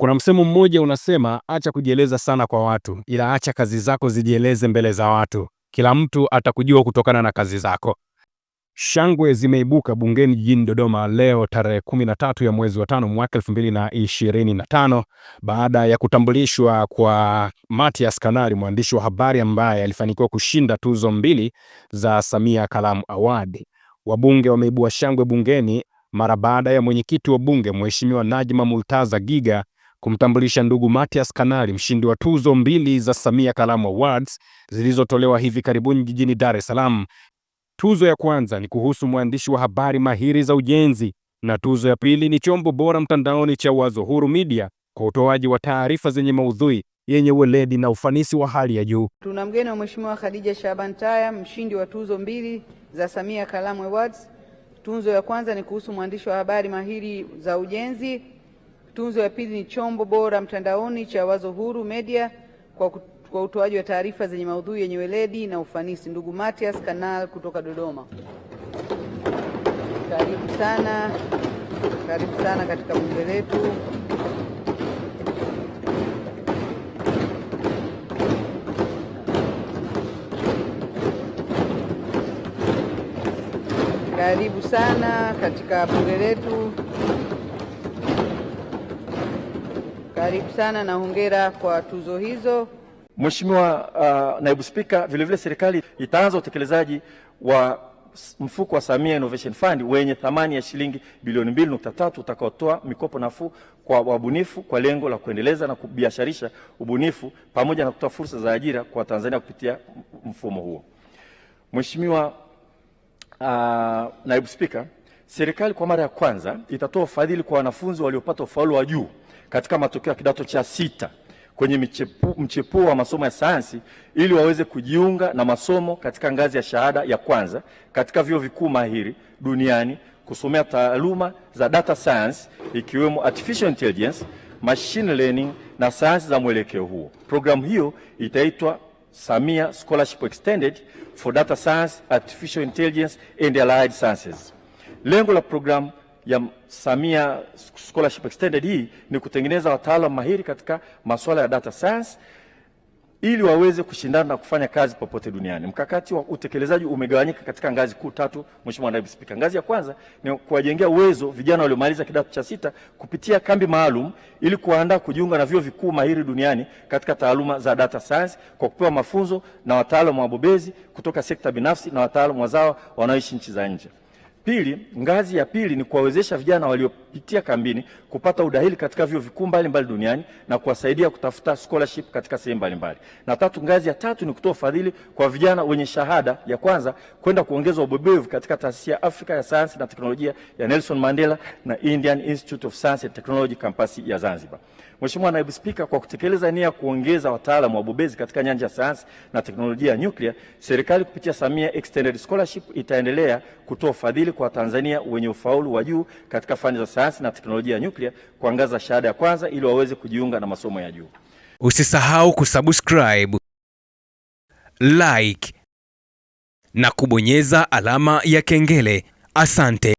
Kuna msemo mmoja unasema, acha kujieleza sana kwa watu, ila acha kazi zako zijieleze mbele za watu. Kila mtu atakujua kutokana na kazi zako. Shangwe zimeibuka bungeni jijini Dodoma leo tarehe 13 ya mwezi wa tano mwaka 2025 baada ya kutambulishwa kwa matias Kanali, mwandishi wa habari ambaye alifanikiwa kushinda tuzo mbili za Samia Kalamu Award. Wabunge wameibua shangwe bungeni mara baada ya mwenyekiti wa bunge Mheshimiwa Najma Multaza Giga kumtambulisha ndugu Matias kanali mshindi wa tuzo mbili za Samia Kalamu Awards zilizotolewa hivi karibuni jijini Dar es Salaam. Tuzo ya kwanza ni kuhusu mwandishi wa habari mahiri za ujenzi na tuzo ya pili ni chombo bora mtandaoni cha Wazo Huru Media kwa utoaji wa taarifa zenye maudhui yenye weledi na ufanisi wa hali ya juu. Tuna mgeni wa Mheshimiwa Khadija Shaban Taya, mshindi wa tuzo mbili za Samia Kalamu Awards. Tuzo ya kwanza ni kuhusu mwandishi wa habari mahiri za ujenzi Tunzo ya pili ni chombo bora mtandaoni cha Wazo Huru Media kwa, kwa utoaji wa taarifa zenye maudhui yenye weledi na ufanisi. Ndugu Matias Kanal kutoka Dodoma, karibu sana, karibu sana katika bunge letu. Karibu sana katika bunge letu. Karibu sana na hongera kwa tuzo hizo. Mheshimiwa uh, naibu spika, vilevile serikali itaanza utekelezaji wa mfuko wa Samia Innovation Fund wenye thamani ya shilingi bilioni 2.3 utakaotoa mikopo nafuu kwa wabunifu kwa lengo la kuendeleza na kubiasharisha ubunifu pamoja na kutoa fursa za ajira kwa Tanzania kupitia mfumo huo. Mheshimiwa uh, naibu spika Serikali kwa mara ya kwanza itatoa ufadhili kwa wanafunzi waliopata ufaulu wa juu katika matokeo ya kidato cha sita kwenye mchepuo mchepu wa masomo ya sayansi ili waweze kujiunga na masomo katika ngazi ya shahada ya kwanza katika vyuo vikuu mahiri duniani kusomea taaluma za data science ikiwemo artificial intelligence, machine learning na sayansi za mwelekeo huo. Programu hiyo itaitwa Samia Scholarship Extended for Data Science, Artificial Intelligence and Allied Sciences. Lengo la programu ya Samia Scholarship Extended hii ni kutengeneza wataalamu mahiri katika masuala ya data science ili waweze kushindana na kufanya kazi popote duniani. Mkakati wa utekelezaji umegawanyika katika ngazi kuu tatu, Mheshimiwa Naibu Spika. Ngazi ya kwanza ni kuwajengea uwezo vijana waliomaliza kidato cha sita kupitia kambi maalum ili kuwaandaa kujiunga na vyuo vikuu mahiri duniani katika taaluma za data science kwa kupewa mafunzo na wataalamu wabobezi kutoka sekta binafsi na wataalamu wazawa wanaoishi nchi za nje. Pili, ngazi ya pili ni kuwawezesha vijana waliopitia kambini kupata udahili katika vyuo vikuu mbalimbali duniani na kuwasaidia kutafuta scholarship katika sehemu mbalimbali. Na tatu, ngazi ya tatu ni kutoa ufadhili kwa vijana wenye shahada ya kwanza kwenda kuongeza ubobevu katika taasisi ya Afrika ya sayansi na teknolojia ya Nelson Mandela na Indian Institute of Science and Technology kampasi ya Zanzibar. Mheshimiwa Naibu Spika, kwa kutekeleza nia ya kuongeza wataalamu wabobezi katika nyanja ya sayansi na teknolojia ya nyuklia, serikali kupitia Samia Extended Scholarship itaendelea kutoa ufadhili mchanganyiko wa Tanzania wenye ufaulu wa juu katika fani za sayansi na teknolojia ya nyuklia kwa ngazi za shahada ya kwanza ili waweze kujiunga na masomo ya juu. Usisahau kusubscribe, like na kubonyeza alama ya kengele. Asante.